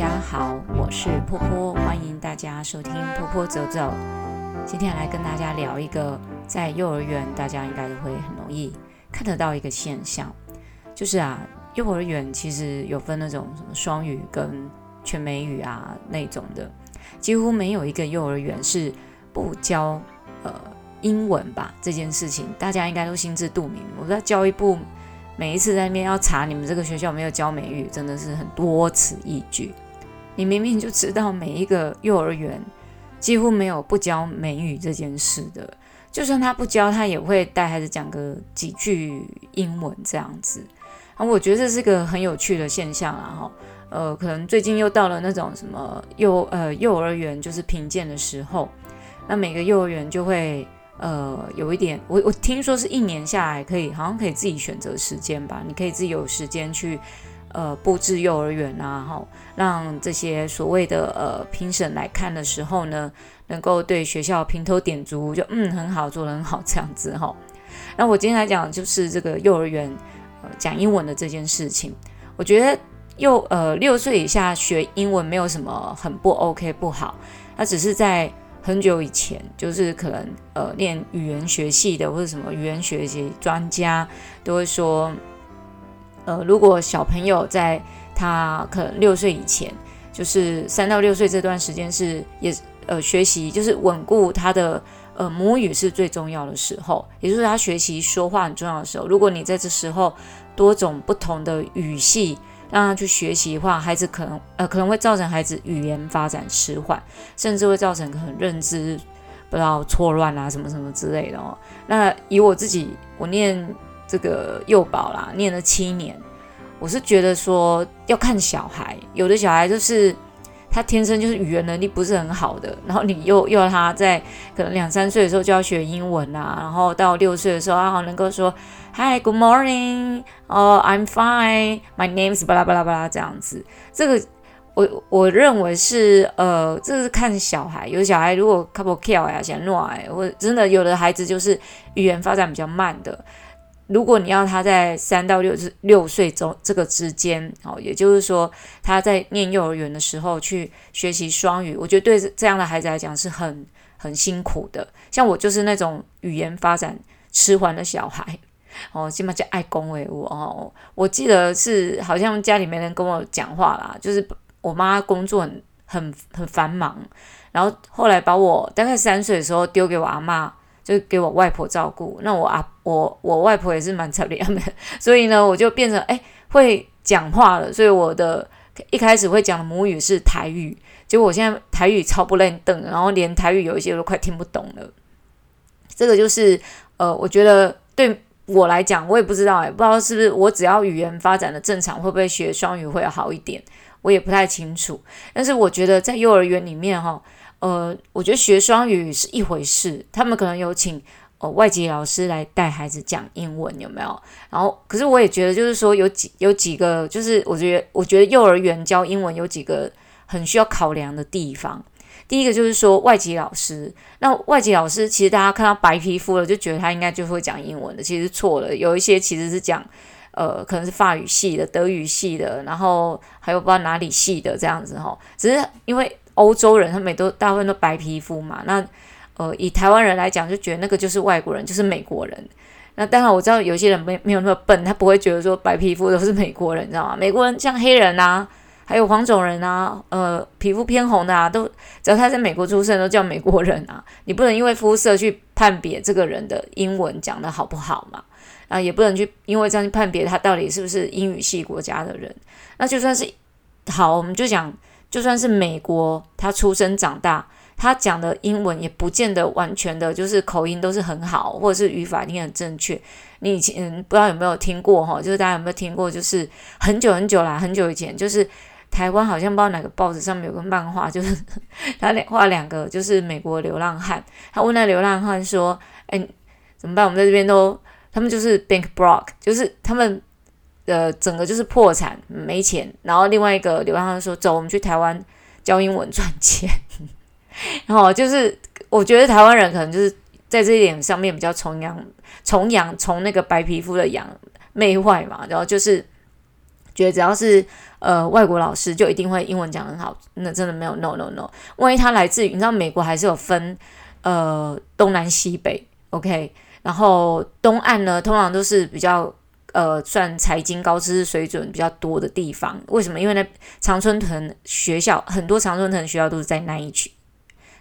大家好，我是坡坡，歡迎大家收聽坡坡走走。今天來，來跟大家聊一個在幼兒園，大家應該都會很容易看得到一個現象，就是啊，幼兒園其實有分那種什麼雙語跟全美語啊那種的，幾乎沒有一個幼兒園是不教呃英文吧，這件事情，大家應該都心知肚明。我在教育部每一次在那邊要查你們這個學校有沒有教美語，真的是很多此一舉。你明明就知道每一個幼兒園幾乎沒有不教美語這件事的，就算他不教，他也會帶孩子講個幾句英文這樣子。啊，我覺得這是個很有趣的現象啊，哈，呃，可能最近又到了那種什麼幼呃幼兒園就是評鑑的時候，那每個幼兒園就會呃有一點，我我聽說是一年下來可以好像可以自己選擇時間吧，你可以自己有時間去。呃，佈置幼兒園啊，吼、哦，讓這些所謂的呃評審來看的時候呢，能夠對學校評頭點足，就嗯很好，做得很好這樣子哈、哦。那我今天來講就是這個幼兒園、呃、講英文的這件事情，我覺得幼呃六歲以下學英文沒有什麼很不 OK 不好，那只是在很久以前，就是可能呃，念語言學系的或者什麼語言學習專家都會說。呃，如果小朋友在他可能六歲以前，就是三到六歲這段時間是也呃學習，就是穩固他的呃母語是最重要的時候，也就是他學習說話很重要的時候。如果你在這時候多種不同的語系讓他去學習的話，孩子可能呃可能會造成孩子語言發展遲緩，甚至會造成可能認知不要錯亂啊什麼什麼之類的哦。那以我自己，我念。這個幼保啦，念了七年，我是覺得說要看小孩，有的小孩就是他天生就是語言能力不是很好的，然後你又又要他在可能兩三歲的時候就要學英文啦、啊，然後到六歲的時候啊，能夠說 Hi, Good morning, Oh, I'm fine, My name's 巴拉巴拉巴拉這樣子。這個我我認為是呃，這是看小孩，有的小孩如果 couple care 呀，嫌軟，或真的有的孩子就是語言發展比較慢的。如果你要他在三到六六歲中這個之間，哦，也就是說他在念幼兒園的時候去學習雙語，我覺得對這樣的孩子來講是很很辛苦的。像我就是那種語言發展遲緩的小孩，哦，起碼上愛恭維我哦。我記得是好像家裡面沒人跟我講話啦，就是我媽工作很很很繁忙，然後後來把我大概三歲的時候丟給我阿嬤。就給我外婆照顧，那我啊，我我外婆也是蠻特別的，所以呢，我就變成誒、欸、會講話了，所以我的一開始會講的母語是台語。結果我現在台語超不輪轉，然後連台語有一些都快聽不懂了。這個就是呃，我覺得對我來講，我也不知道誒、欸，不知道是不是我只要語言發展的正常，會不會學雙語會好一點，我也不太清楚。但是我覺得在幼兒園裡面哈。呃，我覺得學雙語是一回事，他們可能有請呃外籍老師來帶孩子講英文，有沒有？然後，可是我也覺得，就是說有幾有幾個，就是我覺得，我覺得幼兒園教英文有幾個很需要考量的地方。第一個就是說外籍老師，那外籍老師其實大家看到白皮膚了就覺得他應該就是會講英文的，其實錯了。有一些其實是講呃，可能是法語系的、德語系的，然後還有不知道哪裡系的這樣子吼。只是因為。歐洲人，他們都大部分都白皮膚嘛，那呃，以台灣人來講，就覺得那個就是外國人，就是美國人。那當然我知道有些人沒沒有那麼笨，他不會覺得說白皮膚都是美國人，你知道嗎？美國人像黑人啊，還有黃種人啊，呃，皮膚偏紅的啊，都只要他在美國出生，都叫美國人啊。你不能因為膚色去判別這個人的英文講得好不好嘛？啊，也不能去因為這樣去判別他到底是不是英語系國家的人。那就算是好，我們就講。就算是美國，他出生長大，他講的英文也不見得完全的，就是口音都是很好，或者是語法一定很正確。你以前不知道有沒有聽過哈？就是大家有沒有聽過？就是很久很久啦，很久以前，就是台灣好像不知道哪個報紙上面有個漫畫，就是他畫兩個，就是美國流浪漢，他問那流浪漢說：“哎、欸，怎麼辦？我們在這邊都……他們就是 bank broke 就是他們。”呃，整個就是破產沒錢，然後另外一個流浪漢說：“走，我們去台灣教英文賺錢。 ”然後就是我覺得台灣人可能就是在這一點上面比較崇洋崇洋崇那個白皮膚的洋媚外嘛。然後就是覺得只要是呃外國老師就一定會英文講很好，那真的沒有 no no no, no.。萬一他來自於你知道美國還是有分呃東南西北，OK？然後東岸呢，通常都是比較。呃，算財經高知識水準比較多的地方，為什麼？因為那常春藤學校很多，常春藤學校，藤學校都是在那一區。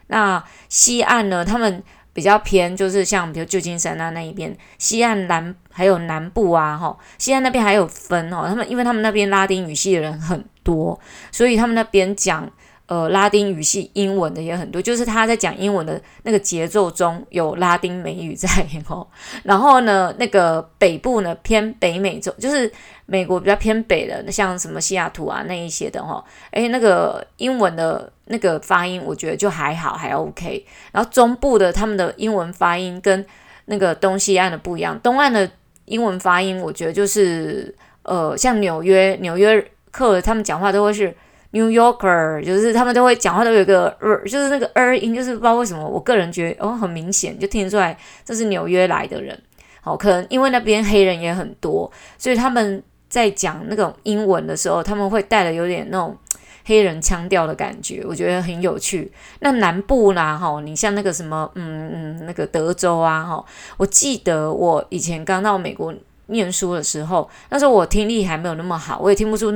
那西岸呢？他們比較偏，就是像比如舊金山啊那，那一邊，西岸南還有南部啊，吼、哦，西岸那邊還有分哦。他們因為他們那邊拉丁語系的人很多，所以他們那邊講。呃，拉丁語系英文的也很多，就是他在講英文的那個節奏中有拉丁美語在吼。然後呢，那個北部呢，偏北美洲，就是美國比較偏北的，像什麼西雅圖啊那一些的吼。誒，那個英文的那個發音，我覺得就還好，還 OK。然後中部的他們的英文發音跟那個東西岸的不一樣，東岸的英文發音，我覺得就是呃，像紐約、紐約客他們講話都會是。New Yorker，就是他們都會講話，都有一個兒、er，就是那個兒、er 音，就是不知道為什麼，我個人覺得哦，很明顯就聽出來這是紐約來的人。好，可能因為那邊黑人也很多，所以他們在講那種英文的時候，他們會帶的有點那種黑人腔調的感覺，我覺得很有趣。那南部啦，哈、哦，你像那個什麼，嗯嗯，那個德州啊，哈、哦，我記得我以前剛到美國。念書的時候，那時候我聽力還沒有那麼好，我也聽不出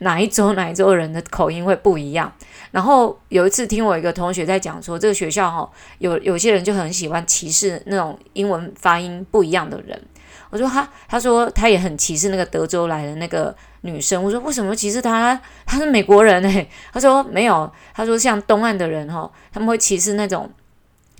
哪一州哪一州的人的口音會不一樣。然後有一次聽我一個同學在講說，這個學校哦，有有些人就很喜歡歧視那種英文發音不一樣的人。我說他，他說他也很歧視那個德州來的那個女生。我說為什麼歧視他？他，他是美國人誒、欸，他說沒有，他說像東岸的人哦，他們會歧視那種，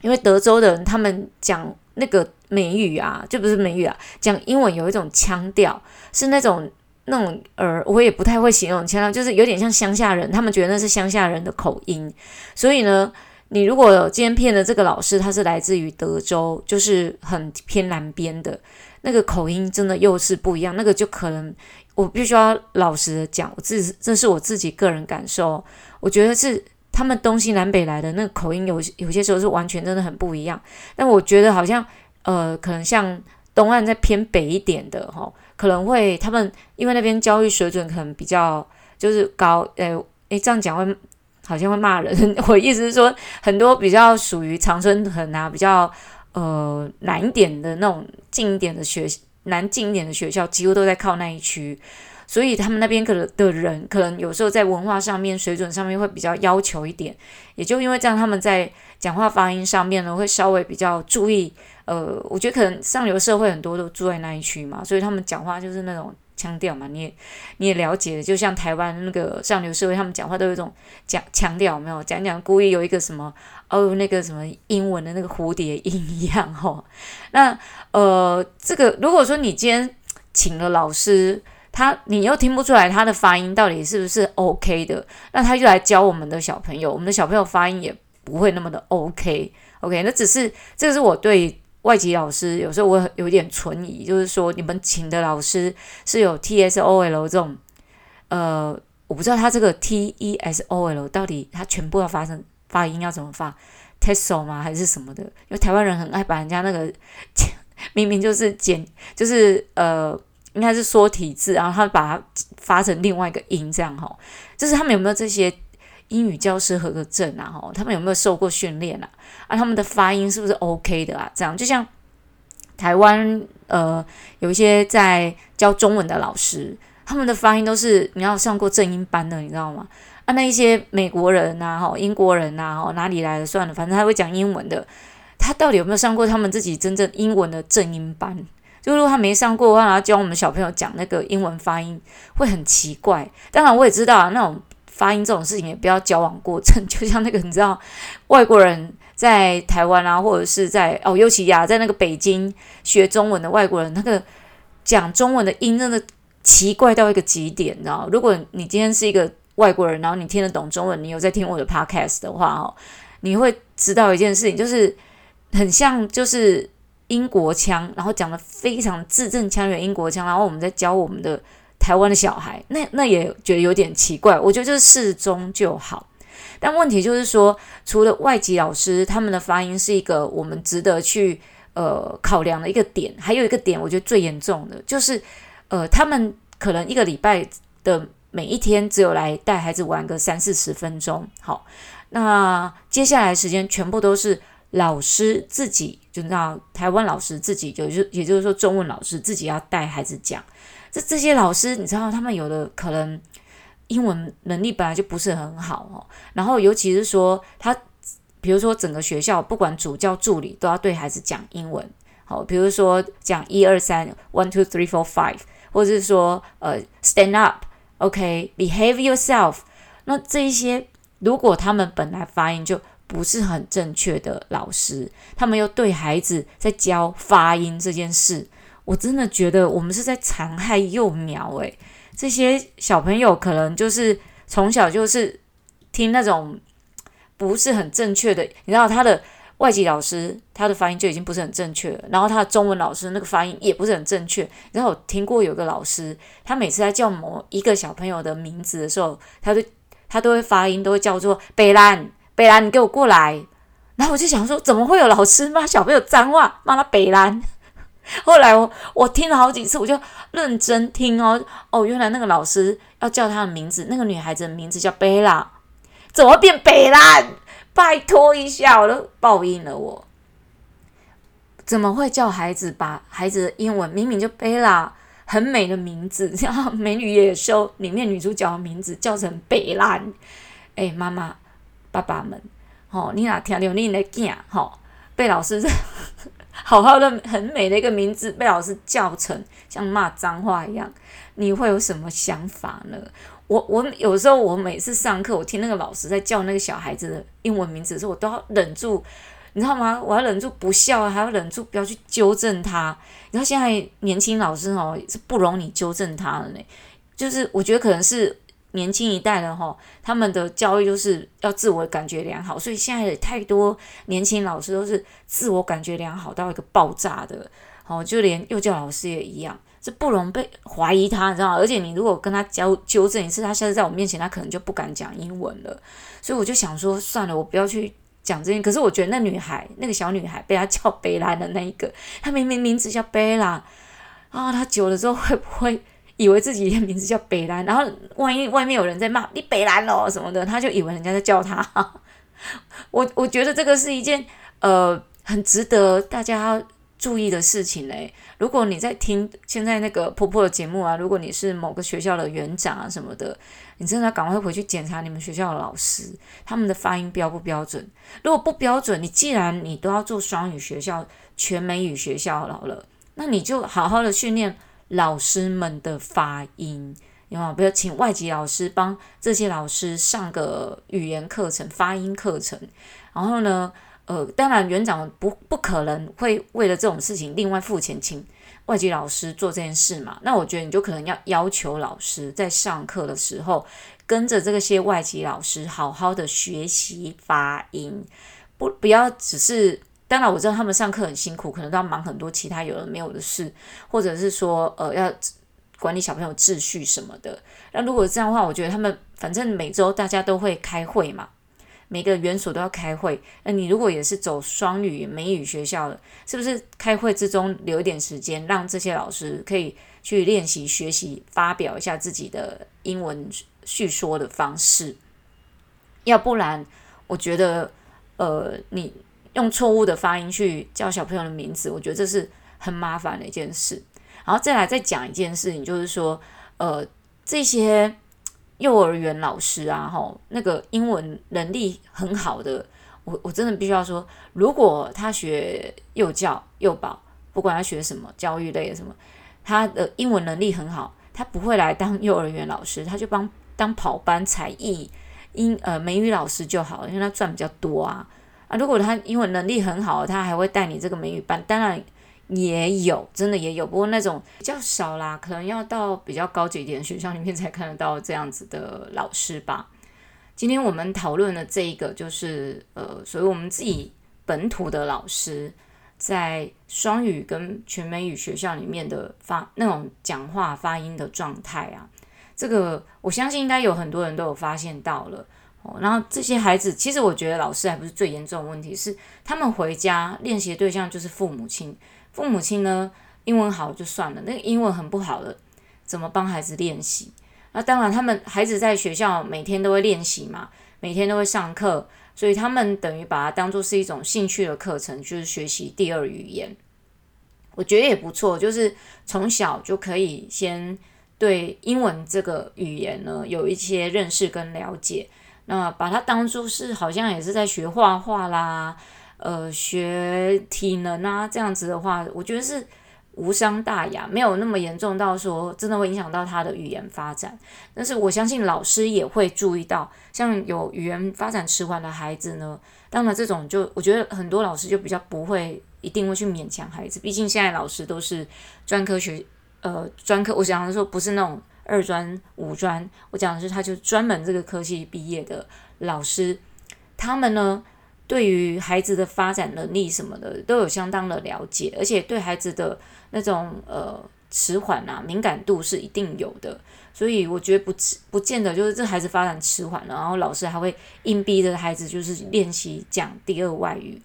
因為德州的人他們講。那個美語啊，就不是美語啊，講英文有一種腔調，是那種那種呃，我也不太會形容腔調，就是有點像鄉下人，他們覺得那是鄉下人的口音。所以呢，你如果今天聘的這個老師，他是來自於德州，就是很偏南邊的那個口音，真的又是不一樣。那個就可能，我必須要老實的講，我自己這是我自己個人感受，我覺得是。他們東西南北來的那個口音，有有些時候是完全真的很不一樣，但我覺得好像呃，可能像東岸在偏北一點的吼、哦，可能會他們因為那邊教育水準可能比較就是高，哎、欸、哎、欸、這樣講會好像會罵人，我意思是說很多比較屬於常春藤啊，比較呃難一點的那種近一點的學難近一點的學校，幾乎都在靠那一區。所以他們那邊可能的人，可能有時候在文化上面、水準上面會比較要求一點，也就因為這樣，他們在講話發音上面呢，會稍微比較注意。呃，我覺得可能上流社會很多都住在那一區嘛，所以他們講話就是那種腔調嘛。你也你也了解的，就像台灣那個上流社會，他們講話都有一種講腔調，有沒有講講故意有一個什麼哦，那個什麼英文的那個蝴蝶音一樣齁、哦。那呃，這個如果說你今天請了老師。他你又聽不出來他的發音到底是不是 OK 的，那他就來教我們的小朋友，我們的小朋友發音也不會那麼的 OK。OK，那只是這是我對外籍老師有時候我有點存疑，就是說你們請的老師是有 TSOL 這種，呃，我不知道他這個 TESOL 到底他全部要發生發音要怎麼發 TESOL 嗎還是什麼的？因為台灣人很愛把人家那個簡明明就是簡就是呃。應該是說體字，然後他把它發成另外一個音，這樣吼，就是他們有沒有這些英語教師合格證啊？哈，他們有沒有受過訓練啊？啊，他們的發音是不是 OK 的啊？這樣就像台灣呃有一些在教中文的老師，他們的發音都是你要上過正音班的，你知道嗎？啊，那一些美國人吶、啊，英國人吶、啊，哪裡來的算了，反正他會講英文的，他到底有沒有上過他們自己真正英文的正音班？如果他沒上過的話，然後教我們小朋友講那個英文發音會很奇怪。當然，我也知道啊，那種發音這種事情也不要交往過程，就像那個，你知道，外國人在台灣啊，或者是在哦，尤其呀、啊，在那個北京學中文的外國人，那個講中文的音真的奇怪到一個極點，你知道嗎？如果你今天是一個外國人，然後你聽得懂中文，你有在聽我的 podcast 的話哦，你會知道一件事情，就是很像，就是。英國腔，然後講得非常字正腔圓，英國腔，然後我們在教我們的台灣的小孩，那那也覺得有點奇怪。我覺得就是適中就好，但問題就是說，除了外籍老師，他們的發音是一個我們值得去呃考量，的一個點，還有一個點，我覺得最嚴重的就是，呃，他們可能一個禮拜的每一天只有來帶孩子玩個三四十分鐘，好，那接下來的時間全部都是。老師自己就讓台灣老師自己就是，也就是說中文老師自己要帶孩子講，這這些老師，你知道他們有的可能英文能力本來就不是很好哦，然後尤其是說他比如說整個學校不管主教助理都要對孩子講英文，好、哦，比如說講一二三，one two three four five，或者是說呃，stand up，OK，behave yourself，那這一些如果他們本來發音就。不是很正確的老師，他們又對孩子在教發音這件事，我真的覺得我們是在殘害幼苗。哎，這些小朋友可能就是從小就是聽那種不是很正確的，你知道他的外籍老師他的發音就已經不是很正確了，然後他的中文老師那個發音也不是很正確。然後我聽過有個老師，他每次在叫某一個小朋友的名字的時候，他都他都會發音，都會叫做北爛。北爛，你給我過來！然後我就想說，怎麼會有老師罵小朋友髒話，罵他北爛？後來我我聽了好幾次，我就認真聽哦哦，原來那個老師要叫他的名字，那個女孩子的名字叫貝拉，怎麼會變北爛？拜托一下，我都報應了我，怎麼會叫孩子把孩子的英文明明就貝拉很美的名字，叫美女野獸裡面女主角的名字叫成北爛？哎，媽媽。爸爸們，吼，你哪聽了你的囝，吼，被老師好好的很美的一個名字，被老師叫成像罵髒話一樣，你會有什麼想法呢？我我有時候我每次上課我聽那個老師在叫那個小孩子的英文名字的時候，我都要忍住，你知道嗎？我要忍住不笑，還要忍住不要去糾正他。你知道現在年輕老師哦是不容你糾正他的呢，就是我覺得可能是。年輕一代的吼，他們的教育就是要自我感覺良好，所以現在也太多年輕老師都是自我感覺良好到一個爆炸的，吼，就連幼教老師也一樣，是不容被懷疑他，你知道嗎？而且你如果跟他教糾正一次，他下次在我面前，他可能就不敢講英文了。所以我就想說，算了，我不要去講這些。可是我覺得那女孩，那個小女孩被他叫貝拉的那一個，她明明名字叫貝拉啊，他久了之後會不會？以為自己的名字叫北爛，然後萬一外面有人在罵你北爛咯什麼的，他就以為人家在叫他。 我我覺得這個是一件呃很值得大家注意的事情嘞、欸。如果你在聽現在那個婆婆的節目啊，如果你是某個學校的園長啊什麼的，你真的趕快回去檢查你們學校的老師他們的發音標不標準。如果不標準，你既然你都要做雙語學校、全美語學校好了，那你就好好的訓練。老師們的發音，你看，不要請外籍老師幫這些老師上個語言課程、發音課程。然後呢，呃，當然園長不不可能會為了這種事情另外付錢請外籍老師做這件事嘛。那我覺得你就可能要要求老師在上課的時候跟着這些外籍老師好好的學習發音，不不要只是。當然我知道他們上課很辛苦，可能都要忙很多其他有的沒有的事，或者是說呃要管理小朋友秩序什麼的。那如果這樣的話，我覺得他們反正每周大家都會開會嘛，每個園所都要開會。那你如果也是走雙語美語學校的，的是不是開會之中留一點時間，讓這些老師可以去練習學習，發表一下自己的英文敘說的方式？要不然，我覺得呃你。用錯誤的發音去叫小朋友的名字，我覺得這是很麻煩的一件事。然後再來再講一件事情，就是說，呃，這些幼兒園老師啊，吼、哦、那個英文能力很好的，我我真的必須要說，如果他學幼教、幼保，不管他學什麼教育類的什麼，他的英文能力很好，他不會來當幼兒園老師，他就幫當跑班、才藝英呃美語老師就好了，因為他賺比較多啊。啊，如果他英文能力很好，他還會帶你這個美語班。當然也有，真的也有，不過那種比較少啦，可能要到比較高級一點的學校裡面才看得到這樣子的老師吧。今天我們討論的這一個就是，呃，屬於我們自己本土的老師在雙語跟全美語學校裡面的發那種講話發音的狀態啊，這個我相信應該有很多人都有發現到了。哦，然後這些孩子，其實我覺得老師還不是最嚴重的問題，是他們回家練習的對象就是父母親。父母親呢，英文好就算了，那個英文很不好的，怎麼幫孩子練習？那當然，他們孩子在學校每天都會練習嘛，每天都會上課，所以他們等於把它當做是一種興趣的課程，就是學習第二語言。我覺得也不錯，就是從小就可以先對英文這個語言呢有一些認識跟了解。那把他當做是好像也是在學畫畫啦，呃，學體能啊，這樣子的話，我覺得是無傷大雅，沒有那麼嚴重到說真的會影響到他的語言發展。但是我相信老師也會注意到，像有語言發展遲緩的孩子呢，當然這種就我覺得很多老師就比較不會一定會去勉強孩子，畢竟現在老師都是專科學，呃，專科，我想說不是那種。二專、五專，我講的是，他就專門這個科系畢業的老師，他們呢，對於孩子的發展能力什麼的都有相當的了解，而且對孩子的那種呃遲緩啊，敏感度是一定有的，所以我覺得不不見得就是這孩子發展遲緩了，然後老師還會硬逼着孩子就是練習講第二外語。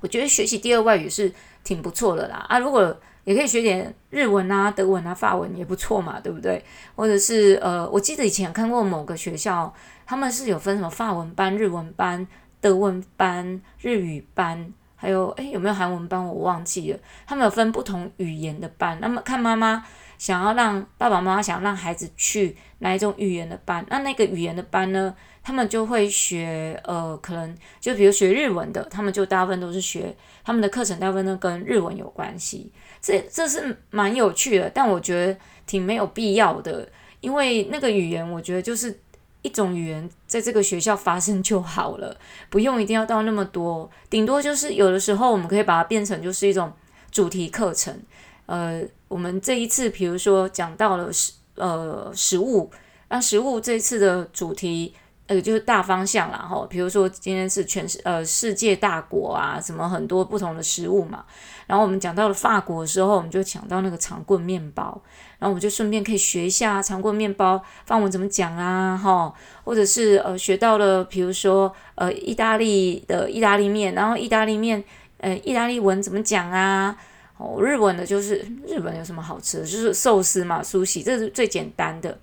我覺得學習第二外語是挺不錯的啦，啊，如果，也可以學點日文啊、德文啊、法文也不錯嘛，對不對？或者是呃，我記得以前看過某個學校，他們是有分什麼法文班、日文班、德文班、日語班，還有哎、欸、有沒有韓文班？我忘記了，他們有分不同語言的班，那麼看媽媽。想要讓爸爸媽媽想讓孩子去哪一種語言的班？那那個語言的班呢？他們就會學呃，可能就比如學日文的，他們就大部分都是學他們的課程，大部分都跟日文有關係。這這是蠻有趣的，但我覺得挺沒有必要的，因為那個語言，我覺得就是一種語言在這個學校發生就好了，不用一定要到那麼多。頂多就是有的時候我們可以把它變成就是一種主題課程。呃，我們這一次比如說講到了食呃食物。那食物這一次的主題呃就是大方向啦。哈。比如說今天是全世呃世界大國啊，什麼很多不同的食物嘛。然後我們講到了法國的時候，我們就講到那個長棍麵包，然後我們就順便可以學一下長棍麵包法文怎麼講啊哈，或者是呃學到了比如說呃意大利的意大利麵，然後意大利麵呃意大利文怎麼講啊？哦，日文的就是日本有什麼好吃的，就是壽司嘛、Sushi。這是最簡單的。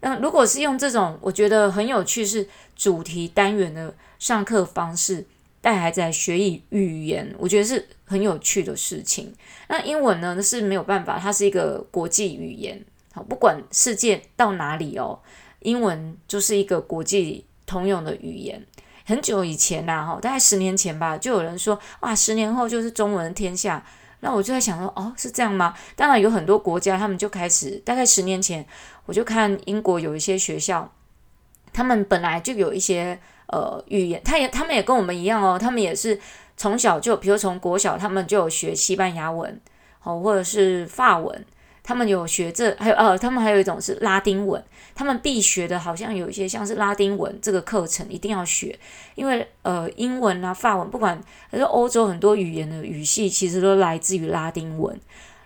那、嗯、如果是用這種，我覺得很有趣，是主題單元的上課方式，帶孩子來學一語言，我覺得是很有趣的事情。那英文呢，那是沒有辦法，它是一個國際語言，好，不管世界到哪裡哦，英文就是一個國際通用的語言。很久以前吶、啊，大概十年前吧，就有人說，哇，十年後就是中文天下。那我就在想說，哦，是這樣嗎？當然，有很多國家，他們就開始，大概十年前，我就看英國有一些學校，他們本來就有一些呃語言，他也他們也跟我們一樣哦，他們也是從小就，比如從國小，他們就有學西班牙文，哦，或者是法文。他們有學這，還有呃，他們還有一種是拉丁文，他們必學的，好像有一些像是拉丁文這個課程一定要學，因為呃，英文啊、法文，不管還是歐洲很多語言的語系，其實都來自於拉丁文。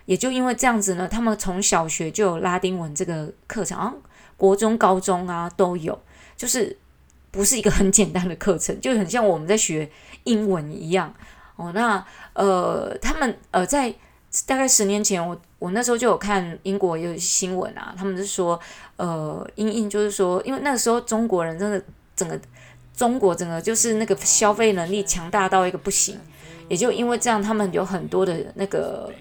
也就因為這樣子呢，他們從小學就有拉丁文這個課程，啊，國中、高中啊都有，就是不是一個很簡單的課程，就很像我們在學英文一樣。哦，那呃，他們呃，在大概十年前我。我那時候就有看英國有新聞啊，他們是說，呃，英英就是說，因為那個時候中國人真的整個中國整個就是那個消費能力強大到一個不行，也就因為這樣，他們有很多的那個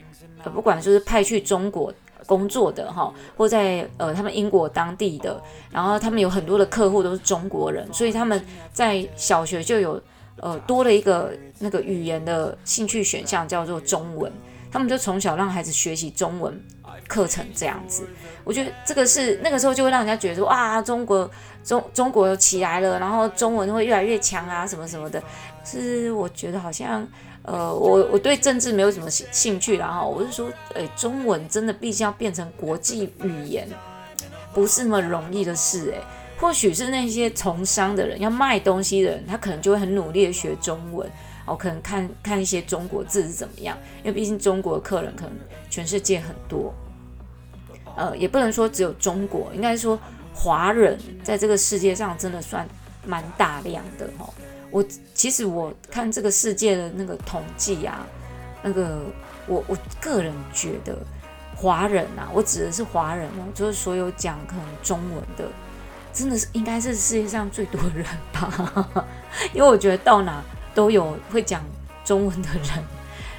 呃，不管就是派去中國工作的哈、哦，或在呃他們英國當地的，然後他們有很多的客戶都是中國人，所以他們在小學就有呃多了一個那個語言的興趣選項，叫做中文。他們就從小讓孩子學習中文課程，這樣子，我覺得這個是那個時候就會讓人家覺得說，啊，中國中中國起來了，然後中文會越來越強啊，什麼什麼的。就是我覺得好像，呃，我我對政治沒有什麼興興趣，然後我是說、欸，中文真的必須要變成國際語言，不是那麼容易的事、欸。誒或許是那些從商的人，要賣東西的人，他可能就會很努力的學中文。我、哦、可能看看一些中國字是怎麼樣，因為畢竟中國的客人可能全世界很多，呃，也不能說只有中國，應該說華人在這個世界上真的算蠻大量的哈、哦。我其實我看這個世界的那個統計啊，那個我我個人覺得華人啊，我指的是華人哦，就是所有講可能中文的，真的是應該是世界上最多人吧， 因為我覺得到哪。都有會講中文的人，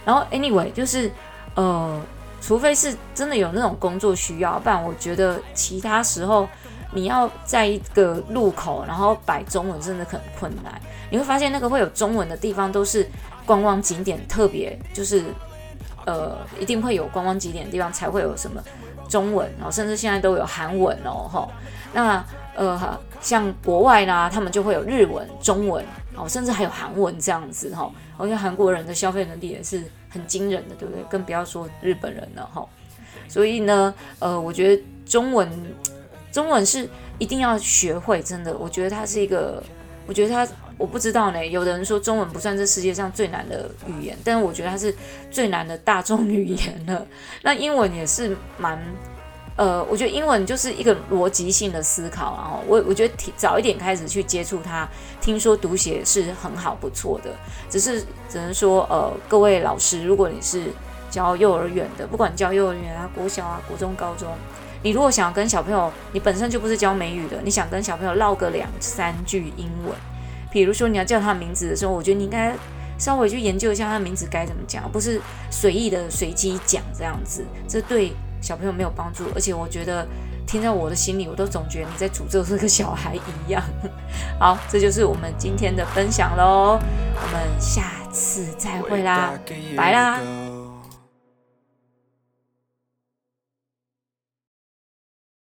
然後 anyway 就是，呃，除非是真的有那種工作需要，不然我覺得其他時候你要在一個路口然後擺中文真的很困難。你會發現那個會有中文的地方都是觀光景點，特別就是呃一定會有觀光景點的地方才會有什麼中文，然後甚至現在都有韓文哦，哈，那呃像國外呢，他們就會有日文、中文。哦，甚至還有韓文這樣子哈，哦，而且韓國人的消費能力也是很驚人的，對不對？更不要說日本人了哈、哦。所以呢，呃，我覺得中文，中文是一定要學會，真的。我覺得它是一個，我覺得它，我不知道呢。有的人說中文不算是世界上最難的語言，但是我覺得它是最難的大眾語言了。那英文也是蠻。呃，我覺得英文就是一個邏輯性的思考，啊，然後我我覺得早一點開始去接觸它，聽說讀寫是很好不錯的，只是只能說呃，各位老師，如果你是教幼兒園的，不管教幼兒園啊、國小啊、國中、高中，你如果想要跟小朋友，你本身就不是教美語的，你想跟小朋友嘮個兩三句英文，比如說你要叫他名字的時候，我覺得你應該稍微去研究一下他名字該怎麼講，啊，不是隨意的隨機講這樣子，這對。小朋友沒有幫助，而且我覺得聽在我的心裡，我都總覺得你在詛咒這個小孩一樣。 好，這就是我們今天的分享嘍，我們下次再會啦，拜啦。